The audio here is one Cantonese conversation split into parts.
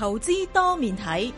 投資多面體。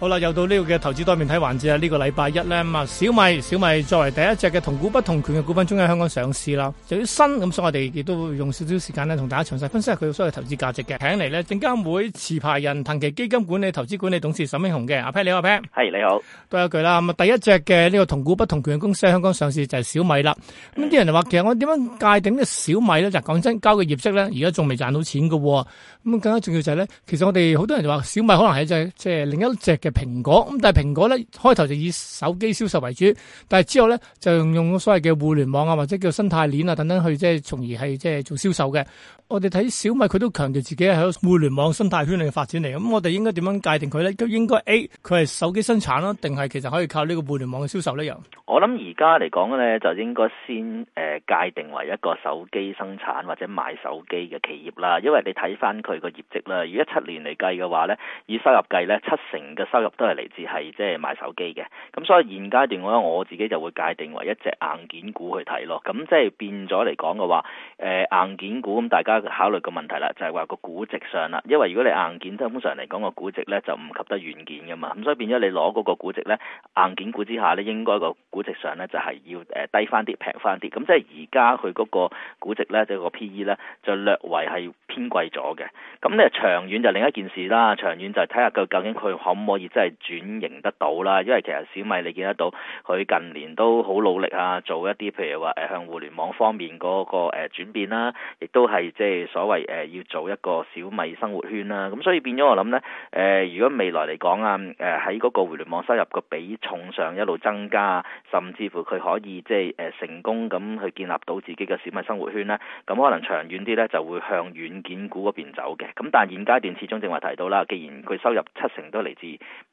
好啦，又到呢個嘅投資多面體環節啦。呢、這個禮拜一咧，啊、嗯，小米小米作為第一隻嘅同股不同權嘅股份，中喺香港上市啦。至於新咁，所以我哋亦都會用少少時間咧，同大家詳細分析下佢嘅所謂投資價值嘅，請嚟咧證監會持牌人騰奇基金管理投資管理董事沈英雄嘅。阿 Pat 你好。阿 Pat 係你好。Hey, 你好多一句啦，咁、嗯、啊，第一隻嘅呢個同股不同權嘅公司喺香港上市就係小米啦。咁啲人就話、啊，其實我點樣界定呢小米咧？就係講真，交嘅業績咧，而家仲未賺到錢嘅。咁更加重要就係咧，其實我哋好多人就話，小米可能係一隻即係另一隻嘅蘋果咁，但係蘋果咧開頭就以手機銷售為主，但係之後咧就用所謂嘅互聯網啊，或者叫生態鏈啊等等去即係從而係即係做銷售嘅。我哋睇小米佢都強調自己喺互聯網生態圈裏嘅發展嚟，咁、嗯、我哋應該點樣界定佢咧？都應該 A 佢係手機生產咯、啊，定係其實可以靠呢個互聯網嘅銷售呢？又我諗而家嚟講咧，就應該先誒、呃、界定為一個手機生產或者賣手機嘅企業啦，因為你睇翻佢個業績啦，以一七年嚟計嘅話咧，以收入計咧，七成嘅。收入都係嚟自係即係賣手機嘅，咁所以現階段咧，我自己就會界定為一隻硬件股去睇咯。咁即係變咗嚟講嘅話，誒、呃、硬件股咁大家考慮個問題啦，就係、是、話個估值上啦，因為如果你硬件通常嚟講個估值咧就唔及得軟件嘅嘛，咁所以變咗你攞嗰個估值咧，硬件股之下咧應該個估值上咧就係要誒低翻啲、平翻啲。咁即係而家佢嗰個估值咧，就是、即係個 P E 咧，就略為係。偏貴咗嘅，咁咧長遠就另一件事啦。長遠就睇下佢究竟佢可唔可以真係轉型得到啦。因為其實小米你見得到佢近年都好努力啊，做一啲譬如話誒向互聯網方面嗰個誒轉變啦，亦都係即係所謂誒要做一個小米生活圈啦。咁所以變咗我諗咧誒，如果未來嚟講啊誒，喺嗰個互聯網收入個比重上一路增加，甚至乎佢可以即係誒成功咁去建立到自己嘅小米生活圈啦。咁可能長遠啲咧就會向遠件股嗰邊走嘅，咁但係現階段始終正話提到啦，既然佢收入七成都嚟自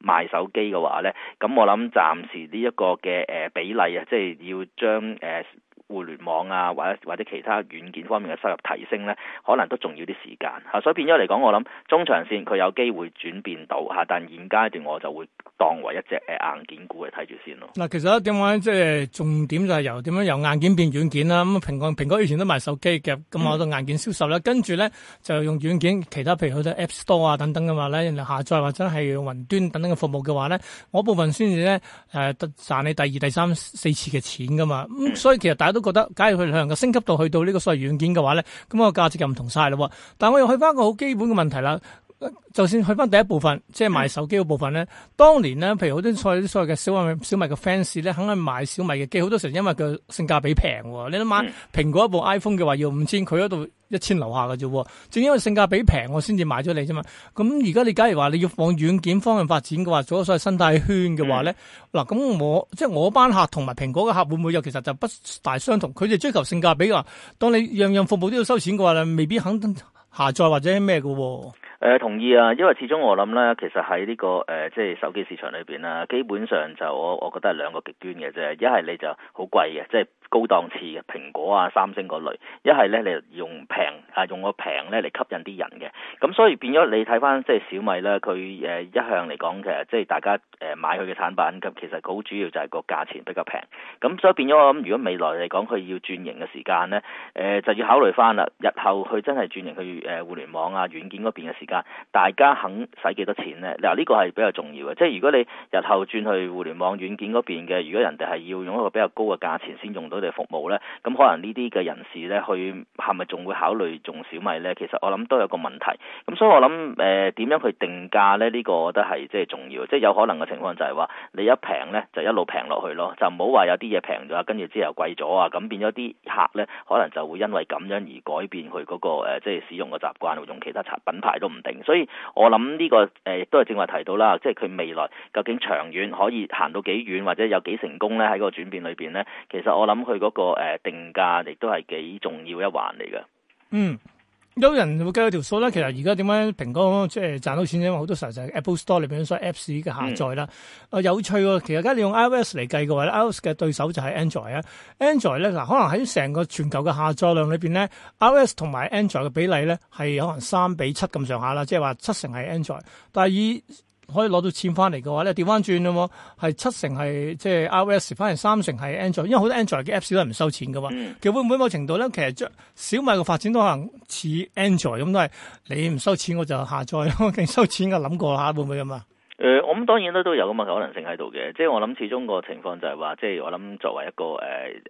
賣手機嘅話呢，咁我諗暫時呢一個嘅誒比例啊，即係要將誒。呃互聯網啊，或者或者其他軟件方面嘅收入提升咧，可能都仲要啲時間嚇、啊，所以變咗嚟講，我諗中長線佢有機會轉變到嚇、啊，但係現階段我就會當為一隻誒、呃、硬件股嚟睇住先咯。嗱，其實點解即係重點就係由點樣由硬件變軟件啦。咁蘋果蘋果以前都賣手機嘅，咁我都硬件銷售咧，嗯、跟住咧就用軟件，其他譬如好多 App Store 啊等等嘅話咧，人下載或者係用雲端等等嘅服務嘅話咧，我部分先至咧誒得賺你第二、第三、四次嘅錢㗎嘛、嗯。所以其實大家都。覺得假如佢哋向嘅升級到去到呢個所謂軟件嘅話咧，咁個價值就唔同曬咯。但係我又去翻個好基本嘅問題啦。就算去翻第一部分，即係賣手機嗰部分咧，嗯、當年咧，譬如好多所所謂嘅小米、小米嘅 fans 咧，肯肯買小米嘅機，好多時候因為佢性價比平。你諗下，嗯、蘋果一部 iPhone 嘅話要五千，佢嗰度。一千樓下嘅啫，正因為性價比平，我先至買咗你啫嘛。咁而家你假如話你要往軟件方向發展嘅話，做咗所謂生態圈嘅話咧，嗱咁、嗯、我即係我班客同埋蘋果嘅客會唔會有其實就不大相同？佢哋追求性價比啊。當你樣樣服務都要收錢嘅話咧，未必肯下載或者咩嘅喎。誒同意啊，因為始終我諗咧，其實喺呢、這個誒、呃、即係手機市場裏邊啦，基本上就我我覺得係兩個極端嘅啫，一係你就好貴嘅，即係高檔次嘅蘋果啊、三星嗰類；一係咧你用平啊，用個平咧嚟吸引啲人嘅。咁所以變咗你睇翻即係小米咧，佢誒一向嚟講嘅，即係大家誒買佢嘅產品咁，其實好主要就係個價錢比較平。咁所以變咗我諗，如果未來嚟講佢要轉型嘅時間咧，誒、呃、就要考慮翻啦，日後佢真係轉型去誒互聯網啊軟件嗰邊嘅時。大家肯使幾多錢呢？嗱，呢個係比較重要嘅。即係如果你日後轉去互聯網軟件嗰邊嘅，如果人哋係要用一個比較高嘅價錢先用到你服務呢，咁可能呢啲嘅人士呢，去係咪仲會考慮種小米呢？其實我諗都有個問題。咁所以我諗誒點樣去定價呢？呢、這個我覺得係即係重要。即係有可能嘅情況就係、是、話，你一平呢，就一路平落去咯，就唔好話有啲嘢平咗，跟住之後貴咗啊！咁變咗啲客呢，可能就會因為咁樣而改變佢嗰、那個、呃、即係使用嘅習慣，用其他品牌都唔～所以，我諗呢個誒亦都係正話提到啦，即係佢未來究竟長遠可以行到幾遠，或者有幾成功咧？喺個轉變裏邊咧，其實我諗佢嗰個誒定價亦都係幾重要一環嚟嘅。嗯。有人會計條數咧，其實而家點解蘋果即係賺到錢，因為好多時候就係 Apple Store 裏邊所有 Apps 嘅下載啦。嗯、啊有趣喎，其實而家你用 iOS 嚟計嘅話咧，iOS 嘅對手就係 Android 啊。Android 咧，嗱，可能喺成個全球嘅下載量裏邊咧，iOS 同埋、嗯、Android 嘅比例咧係可能三比七咁上下啦，即係話七成係 Android，但係以可以攞到錢翻嚟嘅話咧，掉返轉咯，係七成係即係 iOS，反而三成係 Android，因為好多 Android 嘅 Apps 都係唔收錢嘅嘛。嗯、其實會唔會某程度咧，其實將小米嘅發展都可能似 Android 咁，都係你唔收錢我就下載咯，勁 收錢嘅諗過下會唔會咁啊？誒，我諗、呃、當然咧都有咁嘅可能性喺度嘅，即係我諗始終個情況就係、是、話，即係我諗作為一個誒誒、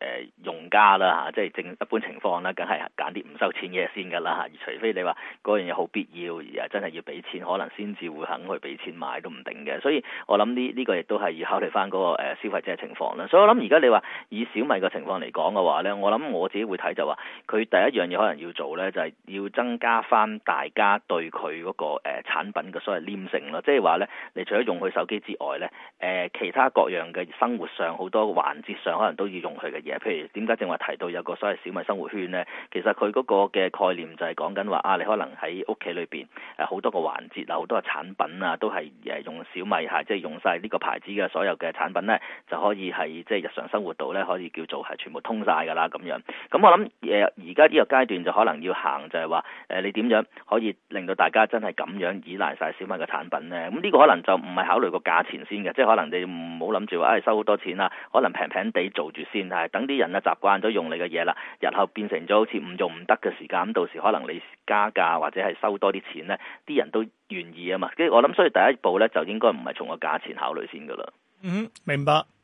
呃、用家啦嚇，即係正一般情況啦，梗係揀啲唔收錢嘅先㗎啦嚇，除非你話嗰樣嘢好必要而係真係要俾錢，可能先至會肯去俾錢買都唔定嘅、這個，所以我諗呢呢個亦都係要考慮翻嗰個消費者情況啦。所以我諗而家你話以小米嘅情況嚟講嘅話咧，我諗我自己會睇就話，佢第一樣嘢可能要做咧，就係、是、要增加翻大家對佢嗰個誒產品嘅所謂黏性咯，即係話咧。你除咗用佢手機之外呢，誒、呃、其他各樣嘅生活上好多環節上，可能都要用佢嘅嘢。譬如點解正話提到有個所謂小米生活圈呢？其實佢嗰個嘅概念就係講緊話啊，你可能喺屋企裏邊誒好多個環節啊，好多個產品啊，都係誒用小米嚇、啊，即係用晒呢個牌子嘅所有嘅產品呢，就可以係即係日常生活度呢，可以叫做係全部通晒㗎啦咁樣。咁、嗯、我諗誒而家呢個階段就可能要行就係話誒你點樣可以令到大家真係咁樣依賴晒小米嘅產品呢？咁、嗯、呢、呢個可能。就唔係考慮個價錢先嘅，即係可能你唔好諗住話唉收好多錢啦，可能平平地做住先係，等啲人啊習慣咗用你嘅嘢啦，日後變成咗好似唔用唔得嘅時間，咁到時可能你加價或者係收多啲錢呢，啲人都願意啊嘛。即係我諗，所以第一步呢，就應該唔係從個價錢考慮先噶啦。嗯，明白。